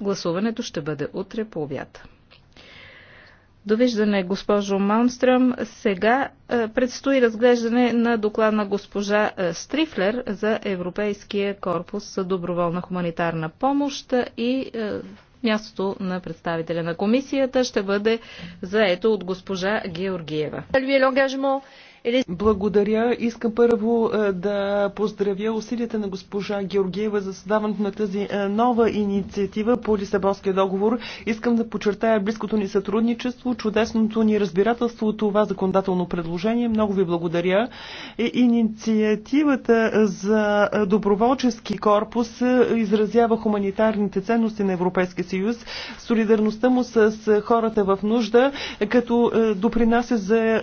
Гласуването ще бъде утре по обяд. Довиждане, госпожо Малмстръм. Сега е, предстои разглеждане на доклад на госпожа е, Стрифлер за Европейския корпус за доброволна хуманитарна помощ и е, мястото на представителя на комисията ще бъде заето от госпожа Георгиева. Благодаря. Искам първо е, да поздравя усилията на госпожа Георгиева за създаването на тази е, нова инициатива по Лисабонския договор. Искам да подчертая близкото ни сътрудничество, чудесното ни разбирателство от това законодателно предложение. Много ви благодаря. Е, инициативата за доброволчески корпус изразява хуманитарните ценности на Европейския съюз, солидарността му с хората в нужда, като допринася за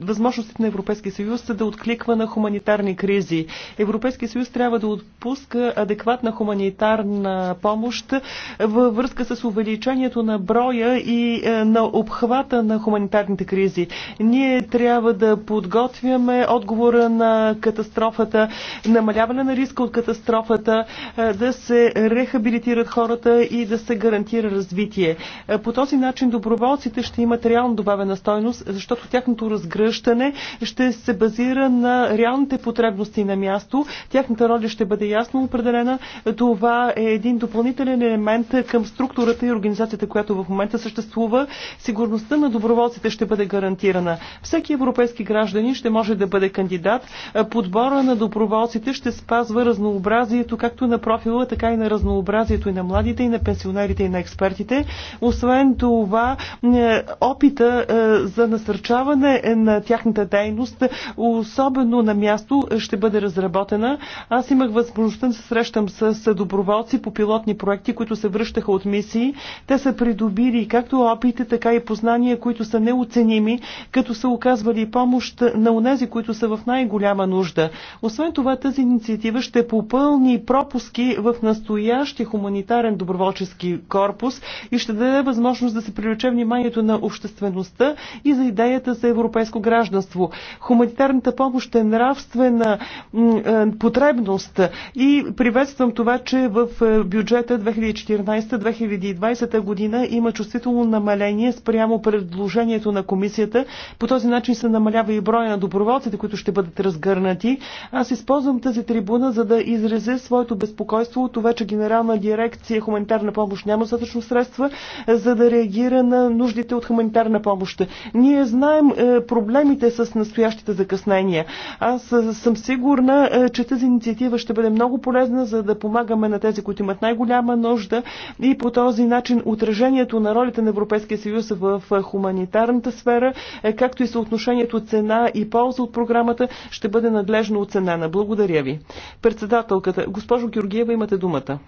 възможностите на Европейския съюз да откликва на хуманитарни кризи. Европейския съюз трябва да отпуска адекватна хуманитарна помощ във връзка с увеличението на броя и е, на обхвата на хуманитарните кризи. Ние трябва да подготвяме отговора на катастрофата, намаляване на риска от катастрофата, е, да се рехабилитират хората и да се гарантира развитие. Е, по този начин доброволците ще имат реално добавена стойност, защото тяхното разгръщане ще се базира на реалните потребности на място. Тяхната роля ще бъде ясно определена. Това е един допълнителен елемент към структурата и организацията, която в момента съществува. Сигурността на доброволците ще бъде гарантирана. Всеки европейски гражданин ще може да бъде кандидат. Подбора на доброволците ще спазва разнообразието както на профила, така и на разнообразието и на младите, и на пенсионерите, и на експертите. Освен това, е, опита е, за насърчаване на тяхната дейност дейност, особено на място, ще бъде разработена. Аз имах възможността да се срещам с доброволци по пилотни проекти, които се връщаха от мисии. Те са придобили както опити, така и познания, които са неоценими, като са оказвали помощ на унези, които са в най-голяма нужда. Освен това, тази инициатива ще попълни пропуски в настоящия хуманитарен доброволчески корпус и ще даде възможност да се привлече вниманието на обществеността и за идеята за европейско гражданство. Хуманитарната помощ е нравствена е, потребност и приветствам това, че в е, бюджета 2014-2020 година има чувствително намаление спрямо предложението на комисията. По този начин се намалява и броя на доброволците, които ще бъдат разгърнати. Аз използвам тази трибуна, за да изразя своето безпокойство от това, че Генерална дирекция хуманитарна помощ няма достатъчно средства, за да реагира на нуждите от хуманитарна помощ. Ние знаем е, проблемите с населението предстоящите закъснения. Аз съм сигурна, че тази инициатива ще бъде много полезна, за да помагаме на тези, които имат най-голяма нужда и по този начин отражението на ролите на Европейския съюз в хуманитарната сфера, е, както и съотношението цена и полза от програмата, ще бъде надлежно оценена. Благодаря ви. Председателката, госпожо Георгиева, имате думата.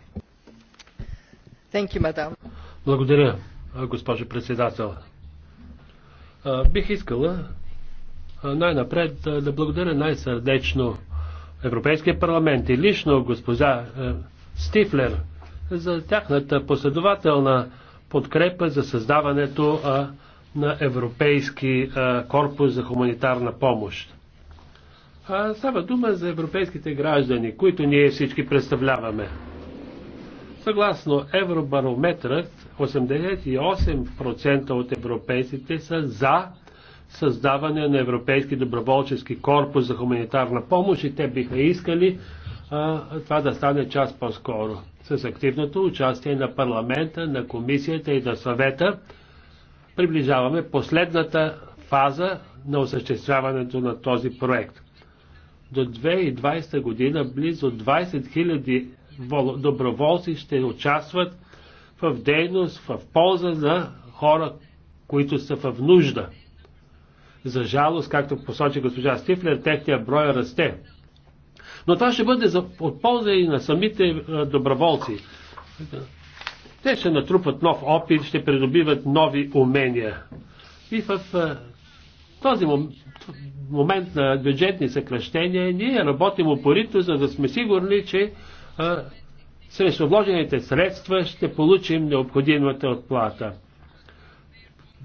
You, Благодаря, госпожо председател. Бих искала най-напред да благодаря най-сърдечно Европейския парламент и лично госпожа Стифлер за тяхната последователна подкрепа за създаването на Европейски корпус за хуманитарна помощ. Става дума за европейските граждани, които ние всички представляваме. Съгласно Евробарометрът, 88% от европейците са за създаване на Европейски доброволчески корпус за хуманитарна помощ и те биха искали а, това да стане част по-скоро с активното участие на парламента, на комисията и на съвета. Приближаваме последната фаза на осъществяването на този проект. До 2020 година близо 20 000 доброволци ще участват в дейност в полза на хора, които са в нужда. За жалост, както посочи госпожа Стифлер, техния брой расте. Но това ще бъде за, от полза и на самите е, доброволци. Те ще натрупат нов опит, ще придобиват нови умения. И в е, този момент на бюджетни съкръщения ние работим упорито, за да сме сигурни, че е, срещу вложените средства ще получим необходимата отплата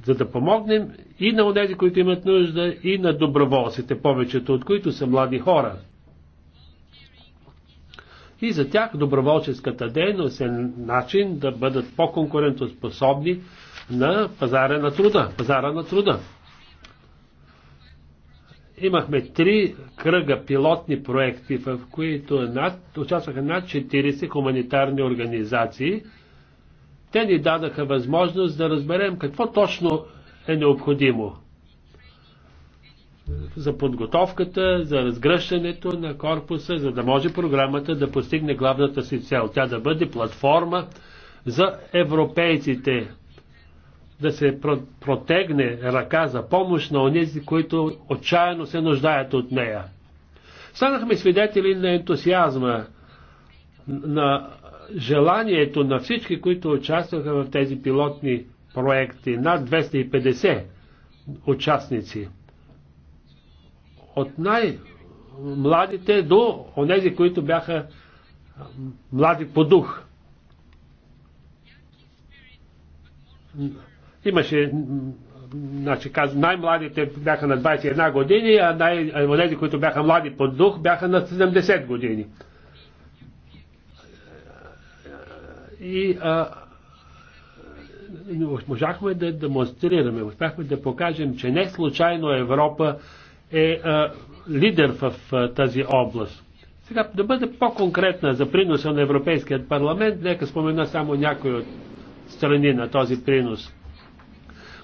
за да помогнем и на онези, които имат нужда, и на доброволците, повечето от които са млади хора. И за тях доброволческата дейност е начин да бъдат по-конкурентоспособни на пазара на труда. Пазара на труда. Имахме три кръга пилотни проекти, в които над, участваха над 40 хуманитарни организации – те ни дадаха възможност да разберем какво точно е необходимо за подготовката, за разгръщането на корпуса, за да може програмата да постигне главната си цел. Тя да бъде платформа за европейците, да се протегне ръка за помощ на онези, които отчаяно се нуждаят от нея. Станахме свидетели на ентусиазма на желанието на всички, които участваха в тези пилотни проекти, над 250 участници, от най-младите до онези, които бяха млади по дух. Имаше, значи, най-младите бяха на 21 години, а най- онези, които бяха млади по дух, бяха на 70 години. И а, можахме да демонстрираме, успяхме да покажем, че не случайно Европа е а, лидер в а, тази област. Сега да бъде по-конкретна за приноса на Европейският парламент, нека спомена само някои от страни на този принос.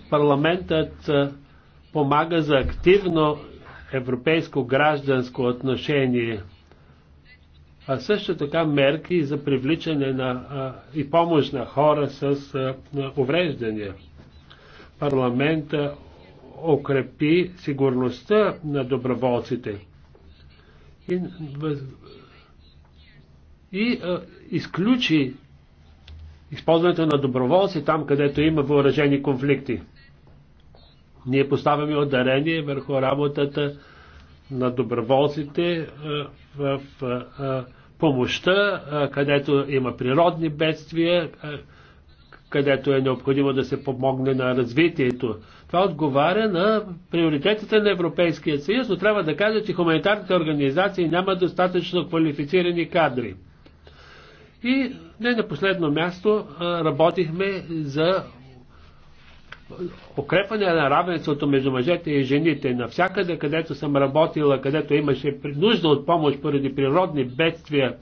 Парламентът а, помага за активно европейско гражданско отношение а също така мерки за привличане на, а, и помощ на хора с а, увреждания. Парламента укрепи сигурността на доброволците. И, и а, изключи използването на доброволци там, където има въоръжени конфликти. Ние поставяме ударение върху работата на доброволците е, в е, е, помощта, където има природни бедствия, където е необходимо да се помогне на развитието. Това отговаря на приоритетите на Европейския съюз, но трябва да кажа, че хуманитарните организации няма достатъчно квалифицирани кадри. И не на последно място работихме за укрепване на равенството между мъжете и жените. Навсякъде, където съм работила, където имаше нужда от помощ поради природни бедствия,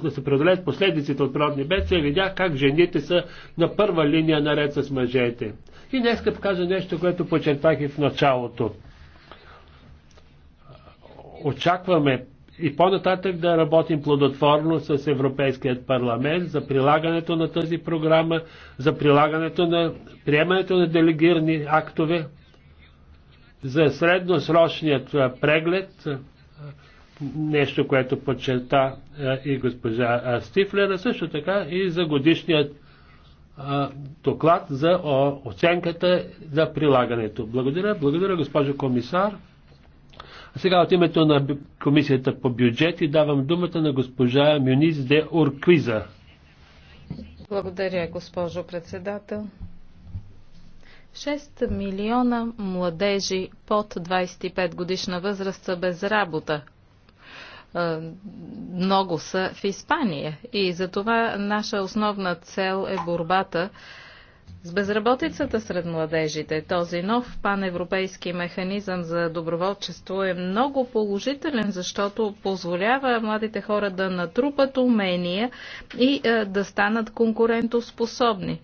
да се преодолеят последиците от природни бедствия, видях как жените са на първа линия наред с мъжете. И днес да кажа нещо, което почертах и в началото. Очакваме и по-нататък да работим плодотворно с Европейският парламент за прилагането на тази програма, за прилагането на приемането на делегирани актове, за средносрочният преглед, нещо, което подчерта и госпожа Стифлера, също така и за годишният доклад за оценката за прилагането. Благодаря, благодаря госпожо комисар. А сега от името на Комисията по бюджет и давам думата на госпожа Мюнис де Орквиза. Благодаря, госпожо председател. 6 милиона младежи под 25 годишна възраст са без работа. Много са в Испания и за това наша основна цел е борбата с безработицата сред младежите този нов паневропейски механизъм за доброволчество е много положителен, защото позволява младите хора да натрупат умения и е, да станат конкурентоспособни.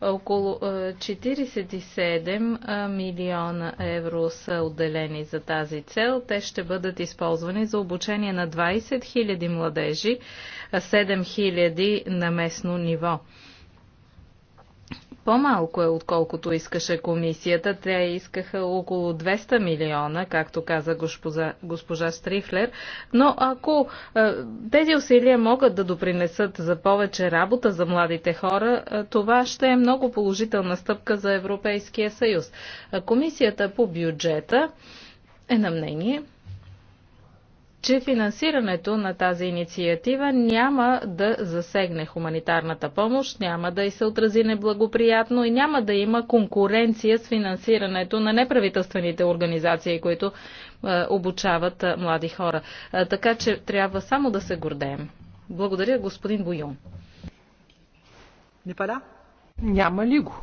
Около 47 е, е, милиона евро са отделени за тази цел. Те ще бъдат използвани за обучение на 20 000 младежи, 7 000 на местно ниво. По-малко е отколкото искаше комисията. Те искаха около 200 милиона, както каза госпожа, госпожа Стрифлер. Но ако е, тези усилия могат да допринесат за повече работа за младите хора, е, това ще е много положителна стъпка за Европейския съюз. Е, комисията по бюджета е на мнение, че финансирането на тази инициатива няма да засегне хуманитарната помощ, няма да и се отрази неблагоприятно и няма да има конкуренция с финансирането на неправителствените организации, които е, обучават е, млади хора. Е, така че трябва само да се гордеем. Благодаря, господин Буйон. Не пада? Няма ли го?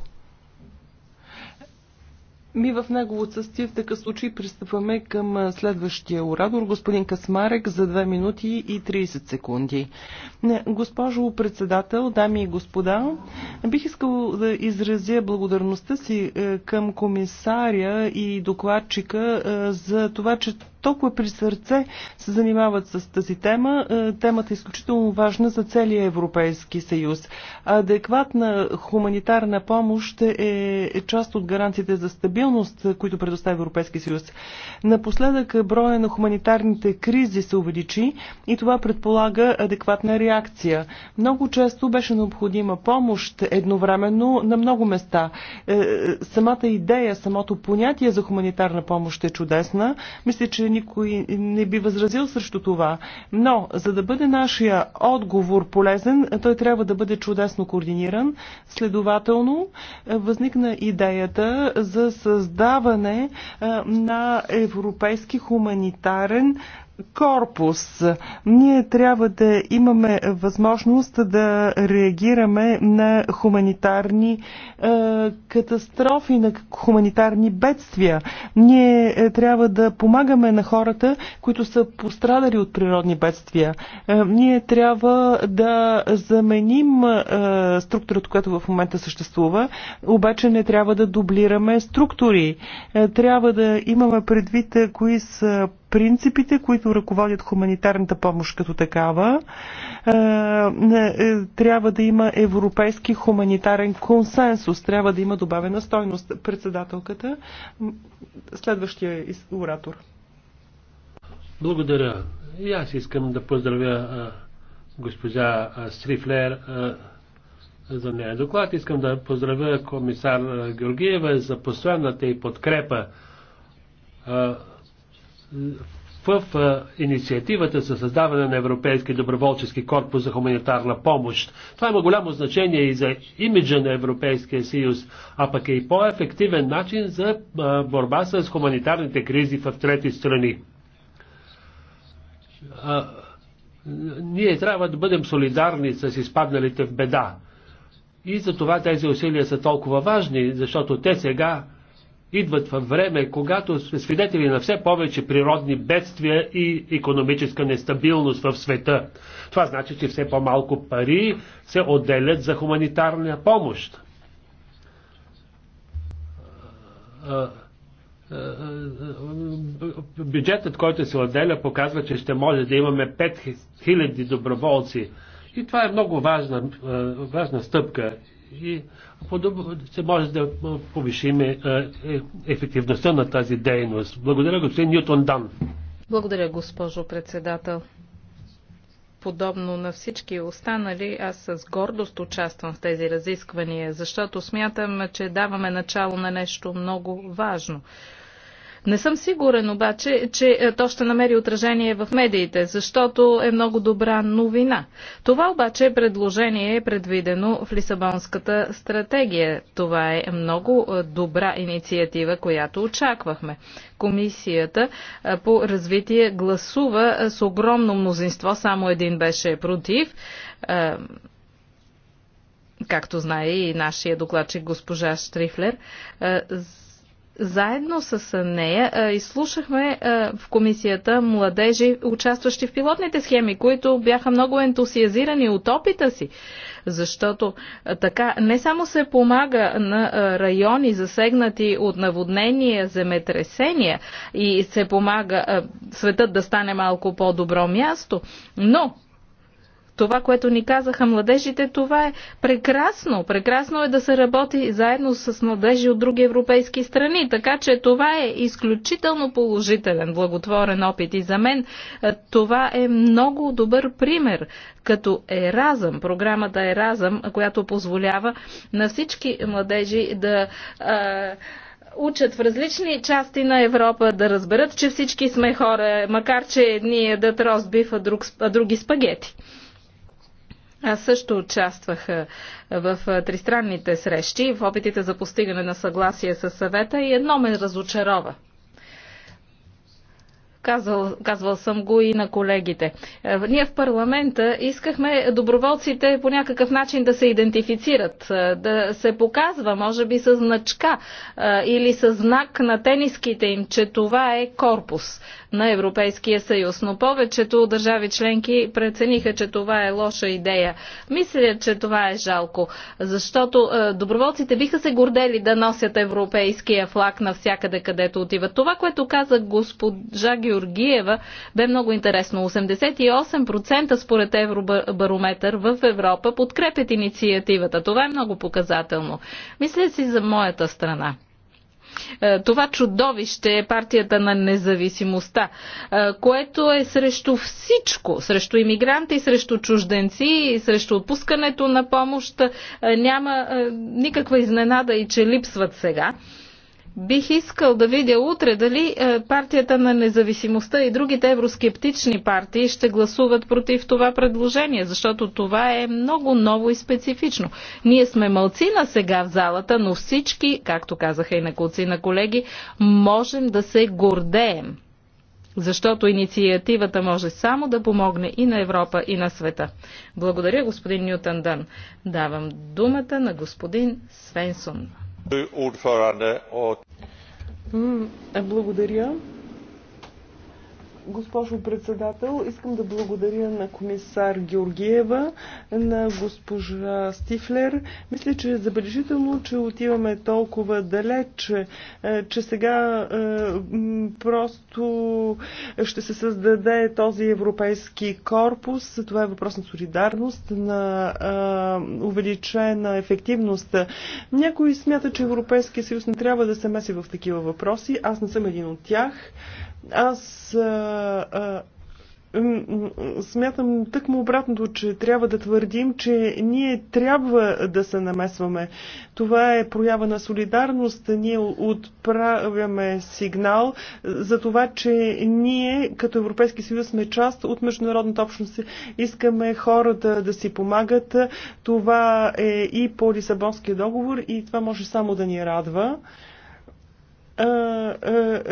Ми в негово отсъствие в такъв случай пристъпваме към следващия оратор, господин Касмарек, за 2 минути и 30 секунди. Госпожо председател, дами и господа, бих искал да изразя благодарността си е, към комисаря и докладчика е, за това, че толкова при сърце се занимават с тази тема. Е, темата е изключително важна за целия Европейски съюз. Адекватна хуманитарна помощ е, е част от гаранциите за стабилност, които предоставя Европейски съюз. Напоследък броя на хуманитарните кризи се увеличи и това предполага адекватна реакция. Много често беше необходима помощ едновременно на много места. Е, самата идея, самото понятие за хуманитарна помощ е чудесна. Мисля, че никой не би възразил срещу това. Но, за да бъде нашия отговор полезен, той трябва да бъде чудесно координиран. Следователно, е, възникна идеята за създаване е, на европейски хуманитарен е, корпус. Ние трябва да имаме възможност да реагираме на хуманитарни е, катастрофи, на хуманитарни бедствия. Ние е, трябва да помагаме на хората, които са пострадали от природни бедствия. Е, ние трябва да заменим е, структурата, която в момента съществува, обаче не трябва да дублираме структури. Е, трябва да имаме предвид е, кои са принципите, които ръководят хуманитарната помощ като такава. Е, е, е, трябва да има европейски хуманитарен консенсус, трябва да има добавена стойност. Председателката, следващия оратор. Благодаря. И аз искам да поздравя госпожа Стрифлер за нея доклад. Искам да поздравя комисар Георгиева за постоянната и подкрепа в инициативата за създаване на Европейски доброволчески корпус за хуманитарна помощ. Това има голямо значение и за имиджа на Европейския съюз, а пък е и по-ефективен начин за борба с хуманитарните кризи в трети страни. Ние трябва да бъдем солидарни с изпадналите в беда. И за това тези усилия са толкова важни, защото те сега идват във време, когато сме свидетели на все повече природни бедствия и економическа нестабилност в света. Това значи, че все по-малко пари се отделят за хуманитарна помощ. Бюджетът, който се отделя, показва, че ще може да имаме 5000 доброволци. И това е много важна, важна стъпка. И се може да повишим е, е, ефективността на тази дейност. Благодаря, господин Ньютон Дан. Благодаря, госпожо председател. Подобно на всички останали, аз с гордост участвам в тези разисквания, защото смятам, че даваме начало на нещо много важно. Не съм сигурен обаче, че е, то ще намери отражение в медиите, защото е много добра новина. Това обаче предложение е предвидено в Лисабонската стратегия. Това е много е, добра инициатива, която очаквахме. Комисията е, по развитие гласува с огромно мнозинство, само един беше против както знае и нашия докладчик госпожа Штрифлер, заедно с нея изслушахме в комисията младежи, участващи в пилотните схеми, които бяха много ентусиазирани от опита си, защото така не само се помага на райони засегнати от наводнения, земетресения и се помага светът да стане малко по-добро място, но това, което ни казаха младежите, това е прекрасно. Прекрасно е да се работи заедно с младежи от други европейски страни. Така че това е изключително положителен, благотворен опит. И за мен е, това е много добър пример, като Еразъм, програмата Еразъм, която позволява на всички младежи да учат в различни части на Европа да разберат, че всички сме хора, макар че едни ядат ростбиф, а, друг, а други спагети. Аз също участвах в тристранните срещи, в опитите за постигане на съгласие с съвета и едно ме разочарова. Казвал, казвал съм го и на колегите. Ние в парламента искахме доброволците по някакъв начин да се идентифицират, да се показва, може би с значка или с знак на тениските им, че това е корпус на Европейския съюз. Но повечето държави членки прецениха, че това е лоша идея. Мисля, че това е жалко, защото е, доброволците биха се гордели да носят европейския флаг навсякъде, където отиват. Това, което каза госпожа Георгиева, бе много интересно. 88% според Евробарометър в Европа подкрепят инициативата. Това е много показателно. Мисля си за моята страна. Е, това чудовище е партията на независимостта, е, което е срещу всичко, срещу иммигранти, срещу чужденци, срещу отпускането на помощ. Е, няма никаква изненада и че липсват сега. Бих искал да видя утре дали е, партията на независимостта и другите евроскептични партии ще гласуват против това предложение, защото това е много ново и специфично. Ние сме мълцина сега в залата, но всички, както казаха и колци на колеги, можем да се гордеем. Защото инициативата може само да помогне и на Европа, и на света. Благодаря, господин Нютан Дън. Давам думата на господин Свенсон. Благодаря. Госпожо председател, искам да благодаря на комисар Георгиева, на госпожа Стифлер. Мисля, че е забележително, че отиваме толкова далеч, е, че сега е, просто ще се създаде този европейски корпус. Това е въпрос на солидарност, на е, увеличена ефективност. Някой смята, че Европейския съюз не трябва да се меси в такива въпроси. Аз не съм един от тях. Аз а, а, смятам тъкмо обратното, че трябва да твърдим, че ние трябва да се намесваме. Това е проява на солидарност. Ние отправяме сигнал за това, че ние като Европейски съюз сме част от международната общност. Искаме хората да си помагат. Това е и по Лисабонския договор и това може само да ни радва.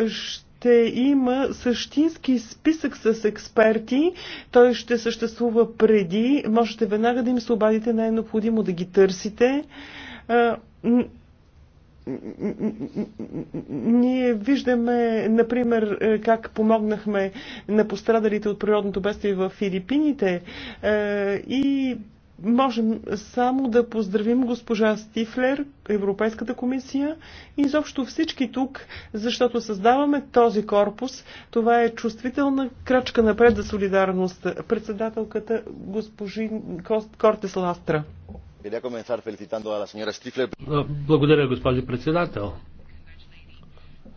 Ще ще има същински списък с експерти. Той ще съществува преди. Можете веднага да им се обадите, не е необходимо да ги търсите ние виждаме, например, как помогнахме на пострадалите от природното бедствие в Филипините и можем само да поздравим госпожа Стифлер, Европейската комисия и изобщо всички тук, защото създаваме този корпус. Това е чувствителна крачка напред за солидарност. Председателката госпожи Кортес Ластра. Благодаря, госпожи председател.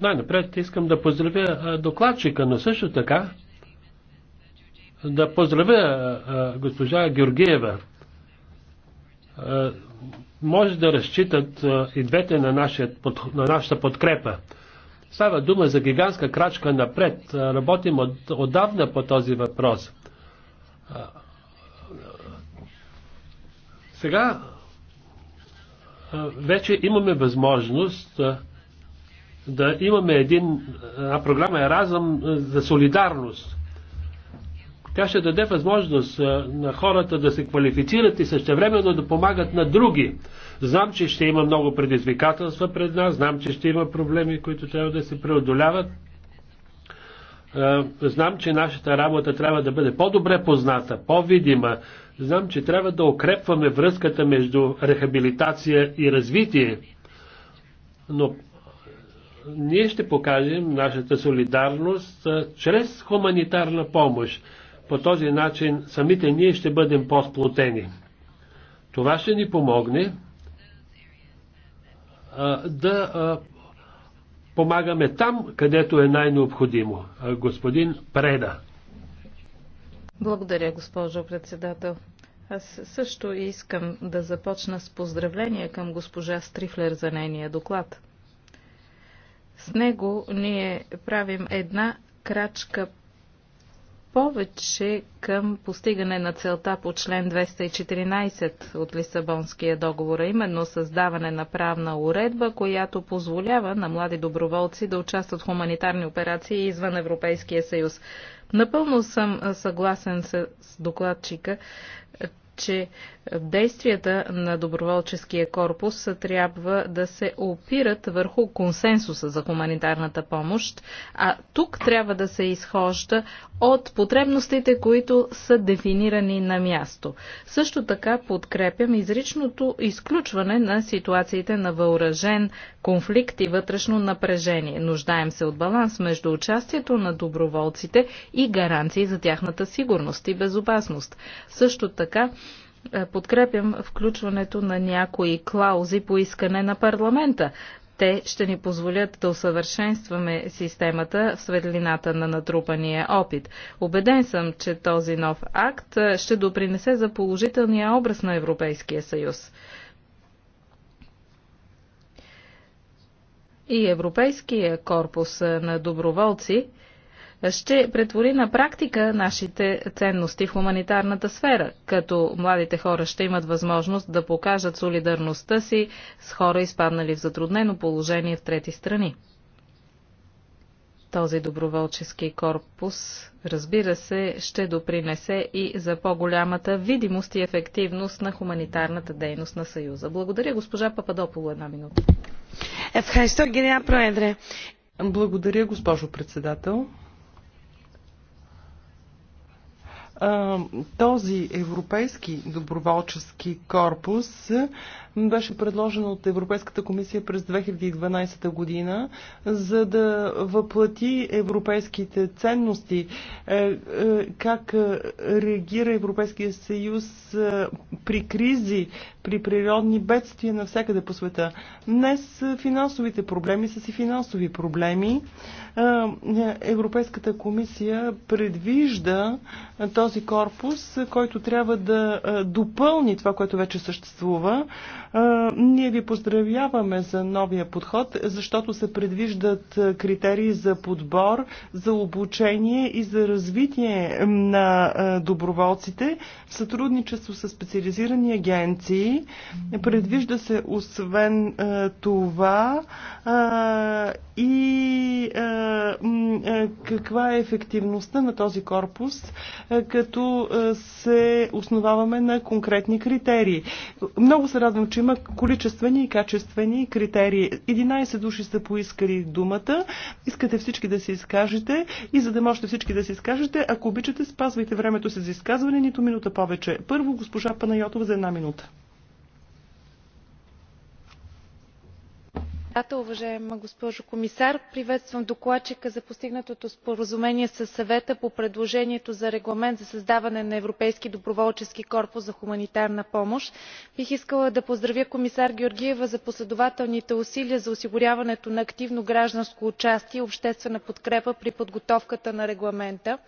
Най-напред искам да поздравя докладчика, но също така да поздравя госпожа Георгиева, е, може да разчитат е, и двете на, нашия, на нашата подкрепа. Става дума за гигантска крачка напред. Е, работим от, отдавна по този въпрос. Сега вече имаме възможност да имаме един, програма Еразъм за солидарност. Тя ще даде възможност на хората да се квалифицират и същевременно да помагат на други. Знам, че ще има много предизвикателства пред нас, знам, че ще има проблеми, които трябва да се преодоляват. Знам, че нашата работа трябва да бъде по-добре позната, по-видима. Знам, че трябва да укрепваме връзката между рехабилитация и развитие. Но ние ще покажем нашата солидарност чрез хуманитарна помощ. По този начин самите ние ще бъдем по-сплотени. Това ще ни помогне а, да а, помагаме там, където е най-необходимо. господин Преда. Благодаря, госпожо председател. Аз също искам да започна с поздравления към госпожа Стрифлер за нейния доклад. С него ние правим една крачка повече към постигане на целта по член 214 от Лисабонския договор, именно създаване на правна уредба, която позволява на млади доброволци да участват в хуманитарни операции извън Европейския съюз. Напълно съм съгласен с докладчика, че действията на доброволческия корпус трябва да се опират върху консенсуса за хуманитарната помощ, а тук трябва да се изхожда от потребностите, които са дефинирани на място. Също така подкрепям изричното изключване на ситуациите на въоръжен конфликт и вътрешно напрежение. Нуждаем се от баланс между участието на доброволците и гаранции за тяхната сигурност и безопасност. Също така е, подкрепям включването на някои клаузи по искане на парламента те ще ни позволят да усъвършенстваме системата в светлината на натрупания опит. Обеден съм, че този нов акт ще допринесе за положителния образ на Европейския съюз. И Европейския корпус на доброволци – ще претвори на практика нашите ценности в хуманитарната сфера, като младите хора ще имат възможност да покажат солидарността си с хора, изпаднали в затруднено положение в трети страни. Този доброволчески корпус, разбира се, ще допринесе и за по-голямата видимост и ефективност на хуманитарната дейност на Съюза. Благодаря, госпожа Пападополо, една минута. Благодаря, госпожо председател. Този европейски доброволчески корпус беше предложен от Европейската комисия през 2012 година, за да въплати европейските ценности, е, е, как реагира Европейския съюз при кризи, при природни бедствия навсякъде по света. Днес финансовите проблеми са си финансови проблеми. Европейската комисия предвижда този корпус, който трябва да допълни това, което вече съществува. Ние ви поздравяваме за новия подход, защото се предвиждат критерии за подбор, за обучение и за развитие на доброволците в сътрудничество с специализирани агенции Предвижда се освен е, това е, и е, каква е ефективността на този корпус, като се основаваме на конкретни критерии. Много се радвам, че има количествени и качествени критерии. 11 души са поискали думата. Искате всички да се изкажете и за да можете всички да се изкажете, ако обичате, спазвайте времето си за изказване, нито минута повече. Първо, госпожа Панайотова за една минута. председател уважаема госпожо комисар приветствам докладчика за постигнатото споразумение със съвета по предложението за регламент за създаване на европейски доброволчески корпус за хуманитарна помощ. бих искала да поздравя комисар георгиева за последователните усилия за осигуряването на активно гражданско участие и обществена подкрепа при подготовката на регламента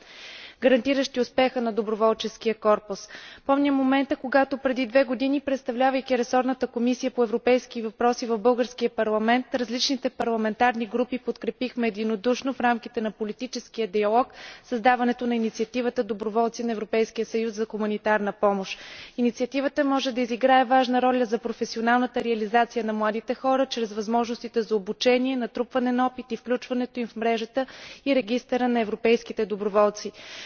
гарантиращи успеха на доброволческия корпус. помня момента когато преди две години представлявайки ресорната комисия по европейски въпроси в българския парламент различните парламентарни групи подкрепихме единодушно в рамките на политическия диалог създаването на инициативата доброволци на европейския съюз за хуманитарна помощ. инициативата може да изиграе важна роля за професионалната реализация на младите хора чрез възможностите за обучение натрупване на опит и включването им в мрежата и регистъра на европейските доброволци.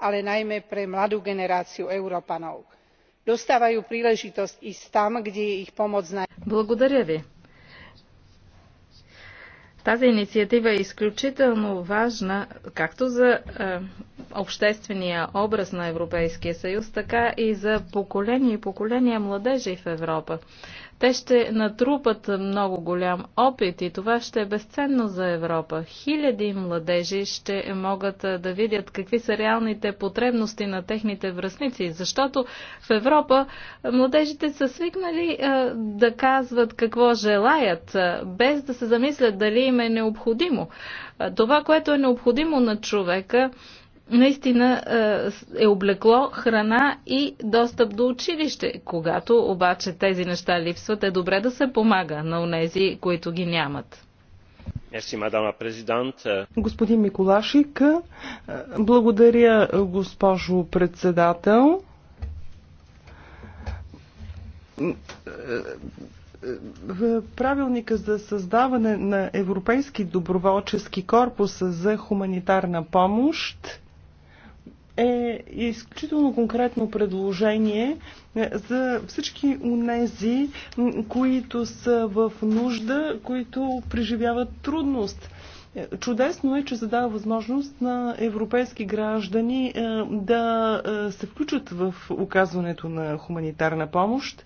ale najmä pre mladú generáciu európanov. dostávajú príležitosť ísť tam kde je ich pomoc najpotrebnejšia. Тази инициатива е изключително важна както за е, обществения образ на Европейския съюз, така и за поколения и поколения младежи в Европа. Те ще натрупат много голям опит и това ще е безценно за Европа. Хиляди младежи ще могат да видят какви са реалните потребности на техните връзници, защото в Европа младежите са свикнали да казват какво желаят, без да се замислят дали им е необходимо. Това, което е необходимо на човека, наистина е, е облекло, храна и достъп до училище. Когато обаче тези неща липсват, е добре да се помага на унези, които ги нямат. Господин Миколашик, е, благодаря, госпожо председател е, правилника за създаване на Европейски доброволчески корпус за хуманитарна помощ е изключително конкретно предложение е, за всички унези, които са в нужда, които преживяват трудност. Е, чудесно е, че задава възможност на европейски граждани е, да се включат в оказването на хуманитарна помощ.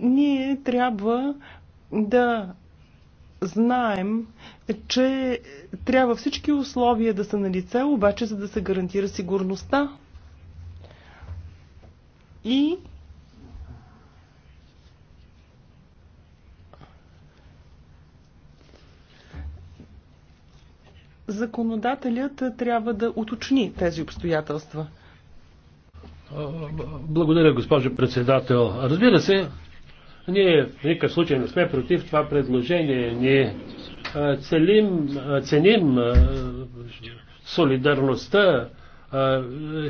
Ние трябва да знаем, че трябва всички условия да са на лице, обаче за да се гарантира сигурността. И законодателят трябва да уточни тези обстоятелства. Благодаря, госпожо председател. Разбира се, ние в никакъв случай не сме против това предложение. Ние целим, ценим солидарността,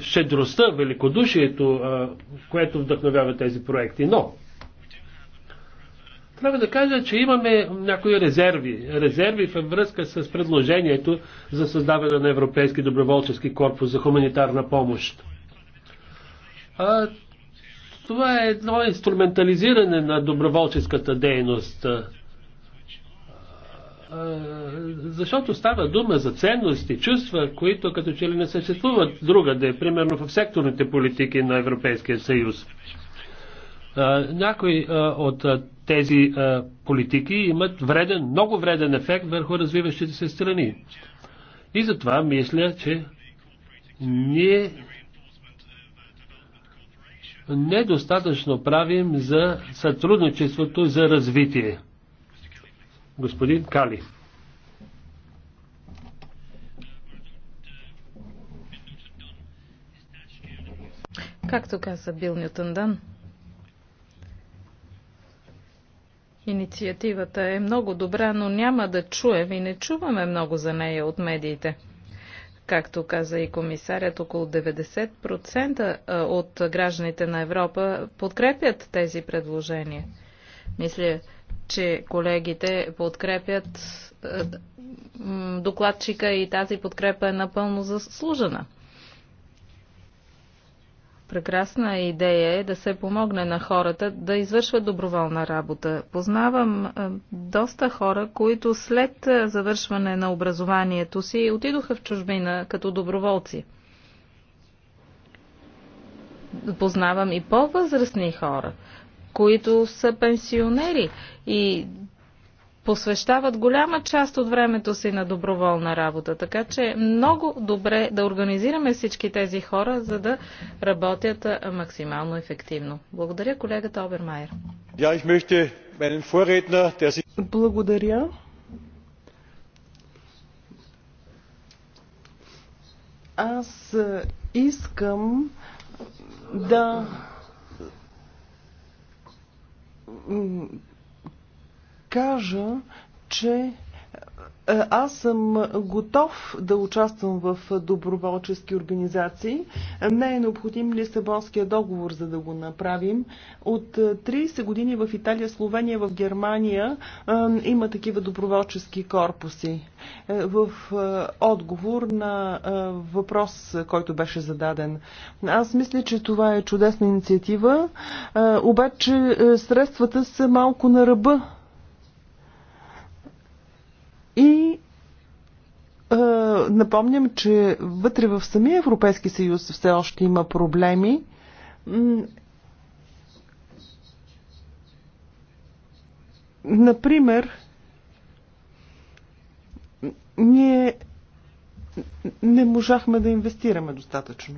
щедростта, великодушието, което вдъхновява тези проекти. Но трябва да кажа, че имаме някои резерви. Резерви във връзка с предложението за създаване на Европейски доброволчески корпус за хуманитарна помощ. Това е едно инструментализиране на доброволческата дейност. Защото става дума за ценности, чувства, които като че ли не съществуват другаде, примерно в секторните политики на Европейския съюз. Някои от тези политики имат вреден, много вреден ефект върху развиващите се страни. И затова мисля, че ние недостатъчно правим за сътрудничеството за развитие. Господин Кали. Както каза Бил Нютон Дан, инициативата е много добра, но няма да чуем и не чуваме много за нея от медиите – Както каза и комисарят, около 90% от гражданите на Европа подкрепят тези предложения. Мисля, че колегите подкрепят докладчика и тази подкрепа е напълно заслужена. Прекрасна идея е да се помогне на хората да извършват доброволна работа. Познавам е, доста хора, които след е, завършване на образованието си отидоха в чужбина като доброволци. Познавам и по-възрастни хора, които са пенсионери и посвещават голяма част от времето си на доброволна работа. Така че е много добре да организираме всички тези хора, за да работят максимално ефективно. Благодаря колегата Обермайер. Благодаря. Аз искам да кажа, че е, аз съм готов да участвам в доброволчески организации. Не е необходим Лисабонския договор, за да го направим. От 30 е, години в Италия, Словения, в Германия е, има такива доброволчески корпуси. В отговор на въпрос, който беше зададен. Аз мисля, че това е чудесна инициатива, обаче средствата са малко на ръба напомням, че вътре в самия Европейски съюз все още има проблеми. Например, ние не можахме да инвестираме достатъчно.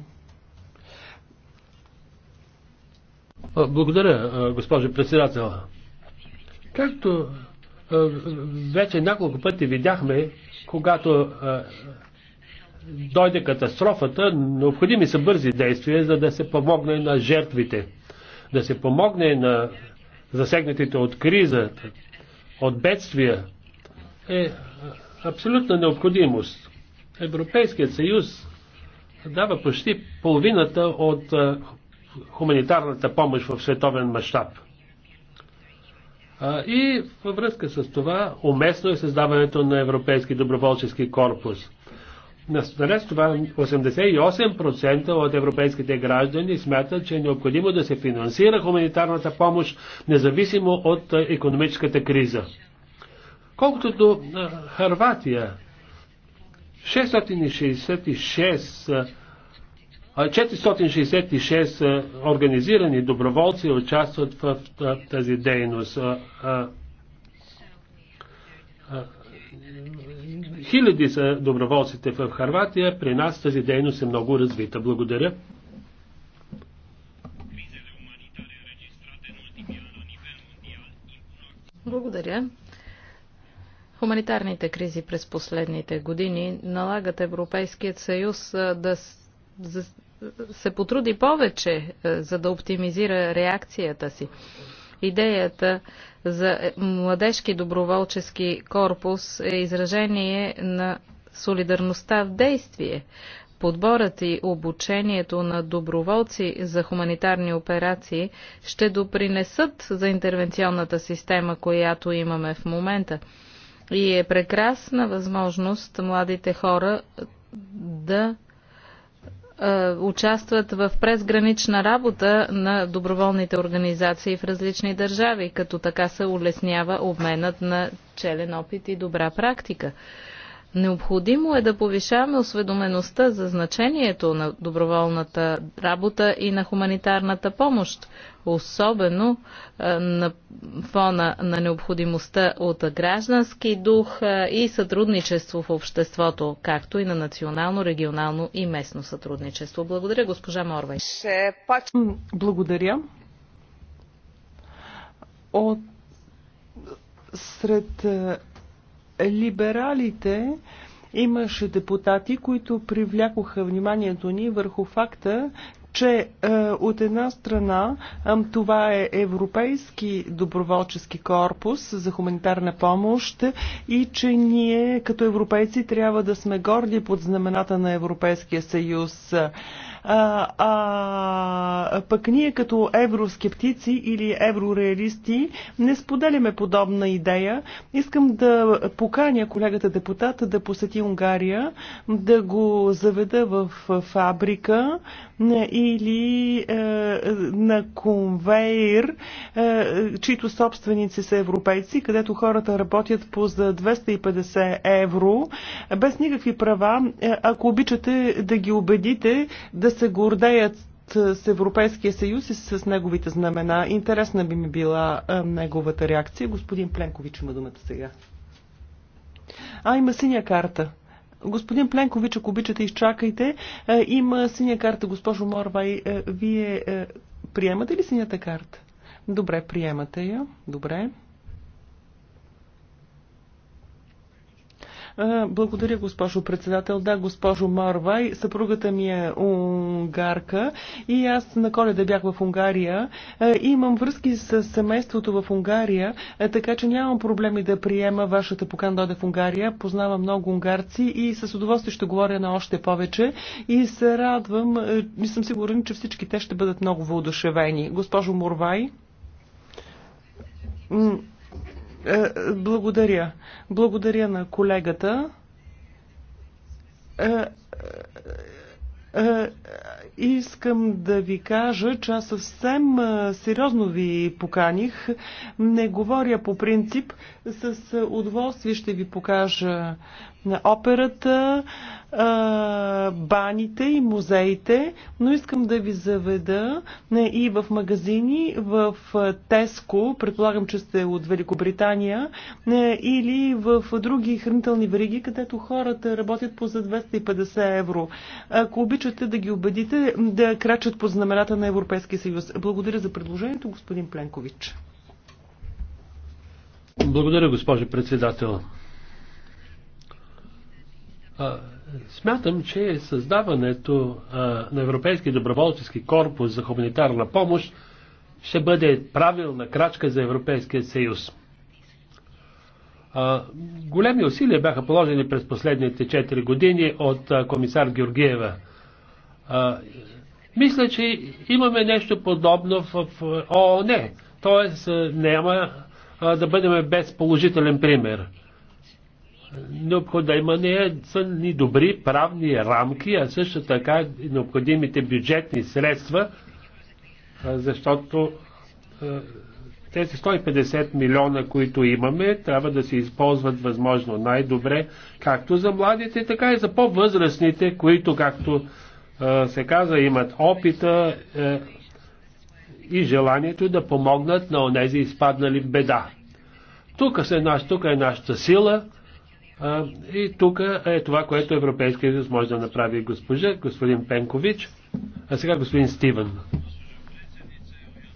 Благодаря, госпожо председател. Както е, вече няколко пъти видяхме, когато е, дойде катастрофата, необходими са бързи действия, за да се помогне на жертвите, да се помогне на засегнатите от криза, от бедствия, е, е абсолютна необходимост. Европейският съюз дава почти половината от хуманитарната помощ в световен мащаб. И във връзка с това, уместно е създаването на Европейски доброволчески корпус. Наред с това, 88% от европейските граждани смятат, че е необходимо да се финансира хуманитарната помощ, независимо от економическата криза. Колкото до Харватия, 666 466 е, организирани доброволци участват в тази дейност. Е, е, хиляди са доброволците в Харватия. При нас тази дейност е много развита. Благодаря. Благодаря. Хуманитарните кризи през последните години налагат Европейският съюз да се потруди повече, е, за да оптимизира реакцията си. Идеята за е, младежки доброволчески корпус е изражение на солидарността в действие. Подборът и обучението на доброволци за хуманитарни операции ще допринесат за интервенционната система, която имаме в момента. И е прекрасна възможност младите хора да е, участват в презгранична работа на доброволните организации в различни държави, като така се улеснява обменът на челен опит и добра практика. Необходимо е да повишаваме осведомеността за значението на доброволната работа и на хуманитарната помощ, особено на фона на необходимостта от граждански дух и сътрудничество в обществото, както и на национално, регионално и местно сътрудничество. Благодаря, госпожа Морвай. Благодаря. От сред либералите имаше депутати, които привлякоха вниманието ни върху факта, че е, от една страна е, това е Европейски доброволчески корпус за хуманитарна помощ и че ние като европейци трябва да сме горди под знамената на Европейския съюз. А, а пък ние като евроскептици или еврореалисти не споделяме подобна идея. Искам да поканя колегата депутат да посети Унгария, да го заведа в фабрика или е, на конвейер, е, чието собственици са европейци, където хората работят по за 250 евро, без никакви права. Е, ако обичате да ги убедите да се гордеят с Европейския съюз и с неговите знамена. Интересна би ми била а, неговата реакция. Господин Пленкович има думата сега. А, има синя карта. Господин Пленкович, ако обичате, изчакайте. А, има синя карта, госпожо Морвай. А, вие а, приемате ли синята карта? Добре, приемате я. Добре. Благодаря, госпожо председател. Да, госпожо Марвай, съпругата ми е унгарка и аз на коледа бях в Унгария и имам връзки с семейството в Унгария, така че нямам проблеми да приема вашата покана дойде в Унгария. Познавам много унгарци и с удоволствие ще говоря на още повече и се радвам и съм сигурен, че всички те ще бъдат много въодушевени. Госпожо Морвай, е, благодаря. Благодаря на колегата. Е, е, искам да ви кажа, че аз съвсем сериозно ви поканих. Не говоря по принцип. С удоволствие ще ви покажа на операта, баните и музеите, но искам да ви заведа и в магазини, в Теско, предполагам, че сте от Великобритания, или в други хранителни вериги, където хората работят по за 250 евро. Ако обичате да ги убедите да крачат по знамената на Европейския съюз. Благодаря за предложението, господин Пленкович. Благодаря, госпожа председател. Смятам, че създаването на Европейски доброволчески корпус за хуманитарна помощ ще бъде правилна крачка за Европейския съюз. Големи усилия бяха положени през последните 4 години от комисар Георгиева. Мисля, че имаме нещо подобно в ООН. Тоест няма да бъдем без положителен пример. Необходимо не са ни добри правни рамки, а също така и необходимите бюджетни средства, защото тези 150 милиона, които имаме, трябва да се използват възможно най-добре, както за младите, така и за по-възрастните, които, както се каза, имат опита е, и желанието да помогнат на онези изпаднали в беда. Тук, се, тук е нашата сила а, и тук е това, което Европейския съюз може да направи госпожа, господин Пенкович, а сега господин Стивен.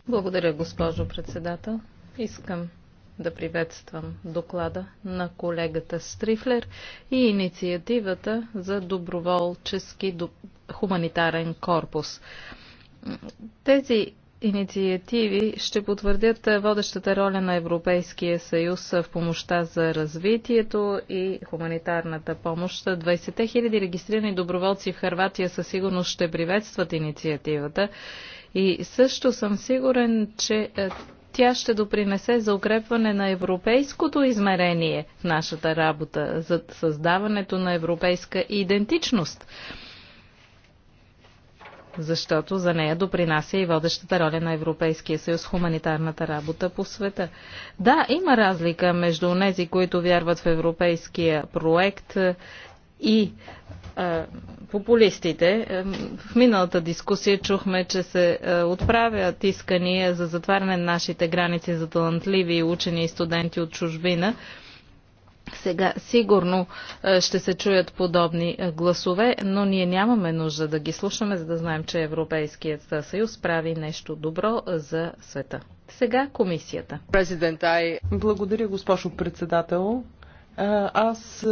Благодаря, госпожо председател. Искам да приветствам доклада на колегата Стрифлер и инициативата за доброволчески хуманитарен корпус. Тези инициативи ще потвърдят водещата роля на Европейския съюз в помощта за развитието и хуманитарната помощ. 20 000 регистрирани доброволци в Харватия със сигурност ще приветстват инициативата и също съм сигурен, че тя ще допринесе за укрепване на европейското измерение в нашата работа, за създаването на европейска идентичност защото за нея допринася и водещата роля на Европейския съюз хуманитарната работа по света. Да, има разлика между тези, които вярват в европейския проект е, и а, е, популистите. Е, в миналата дискусия чухме, че се а, отправят искания за затваряне на нашите граници за талантливи учени и студенти от чужбина. А, сега сигурно е, ще се чуят подобни е, гласове, но ние нямаме нужда да ги слушаме, за да знаем, че Европейският съюз прави нещо добро е, за света. Сега комисията. I... Благодаря, госпожо председател. Аз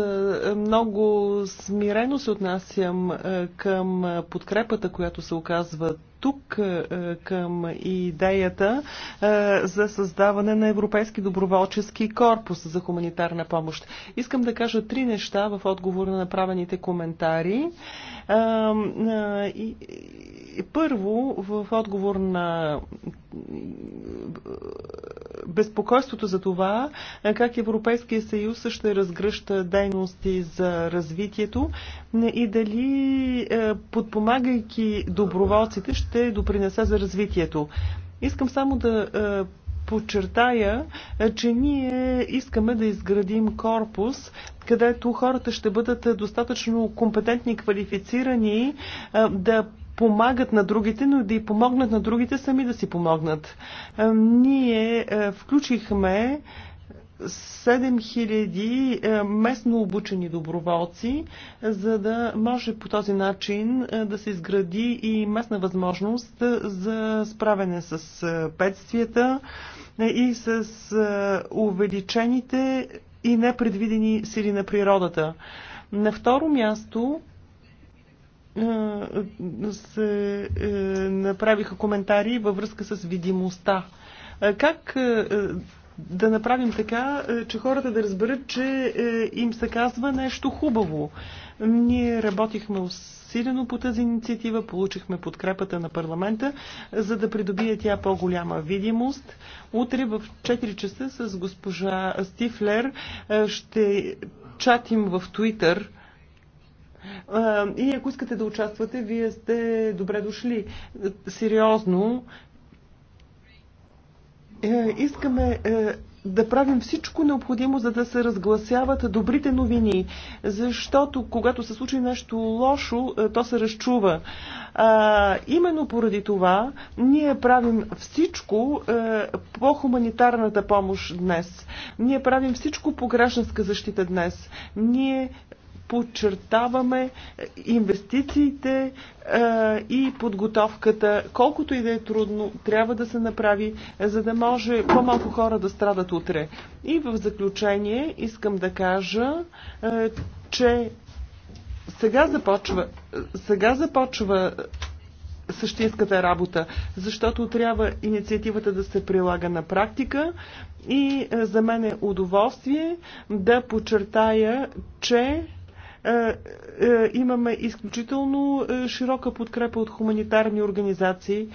много смирено се отнасям към подкрепата, която се оказва тук към идеята за създаване на Европейски доброволчески корпус за хуманитарна помощ. Искам да кажа три неща в отговор на направените коментари. Първо, в отговор на безпокойството за това е, как Европейския съюз ще разгръща дейности за развитието е, и дали е, подпомагайки доброволците ще допринесе за развитието. Искам само да подчертая, че ние искаме да изградим корпус, където хората ще бъдат достатъчно компетентни, квалифицирани да помагат на другите, но и да и помогнат на другите сами да си помогнат. Е, ние е, включихме 7000 е, местно обучени доброволци, за да може по този начин да се изгради и местна възможност за справяне с бедствията и с увеличените и непредвидени сили на природата. На второ място е, се е, направиха коментари във връзка с видимостта. Е, как да направим така, че хората да разберат, че им се казва нещо хубаво. Ние работихме усилено по тази инициатива, получихме подкрепата на парламента, за да придобие тя по-голяма видимост. Утре в 4 часа с госпожа Стифлер ще чатим в Твитър и ако искате да участвате, вие сте добре дошли. Сериозно, е, искаме е, да правим всичко необходимо, за да се разгласяват добрите новини. Защото когато се случи нещо лошо, е, то се разчува. А, именно поради това ние правим всичко е, по хуманитарната помощ днес. Ние правим всичко по гражданска защита днес. Ние подчертаваме инвестициите а, е, и подготовката, колкото и да е трудно, трябва да се направи, за да може по-малко хора да страдат утре. И в заключение искам да кажа, а, е, че сега започва, сега започва същинската работа, защото трябва инициативата да се прилага на практика и е, за мен е удоволствие да подчертая, че е, е, имаме изключително е, широка подкрепа от хуманитарни организации.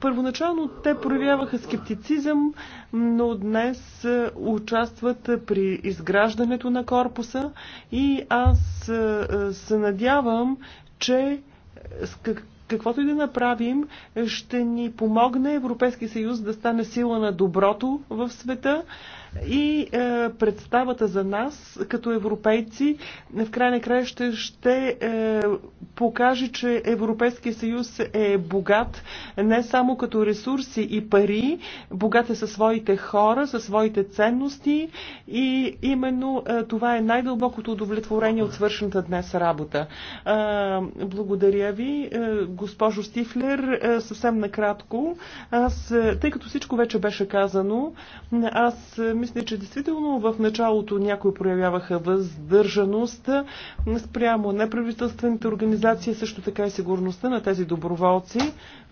Първоначално те проявяваха скептицизъм, но днес участват при изграждането на корпуса и аз се надявам, че с каквото и да направим, ще ни помогне Европейски съюз да стане сила на доброто в света, и е, представата за нас като европейци в край на края ще, ще е, покаже, че Европейския съюз е богат не само като ресурси и пари, богат е със своите хора, със своите ценности и именно е, това е най-дълбокото удовлетворение от свършената днес работа. Е, благодаря ви, е, госпожо Стифлер, е, съвсем накратко. Аз, е, тъй като всичко вече беше казано, аз е, мисля, мисля, че действително в началото някои проявяваха въздържаност спрямо неправителствените организации, също така и сигурността на тези доброволци,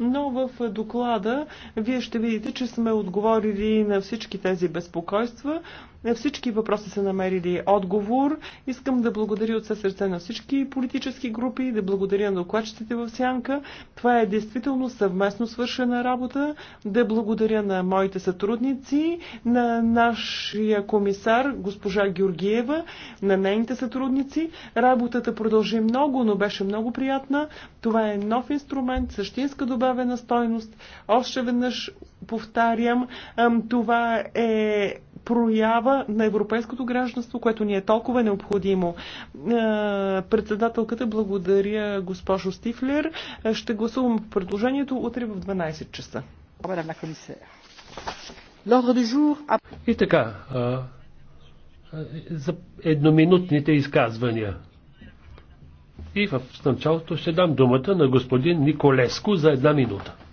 но в доклада вие ще видите, че сме отговорили на всички тези безпокойства. На всички въпроси са намерили отговор. Искам да благодаря от със сърце на всички политически групи, да благодаря на докладчиците в Сянка. Това е действително съвместно свършена работа. Да благодаря на моите сътрудници, на нашия комисар, госпожа Георгиева, на нейните сътрудници. Работата продължи много, но беше много приятна. Това е нов инструмент, същинска добавена стойност. Още веднъж повтарям, това е проява на европейското гражданство, което ни е толкова необходимо. Председателката благодаря госпожо Стифлер. Ще гласувам в предложението утре в 12 часа. И така, за едноминутните изказвания. И в началото ще дам думата на господин Николеско за една минута.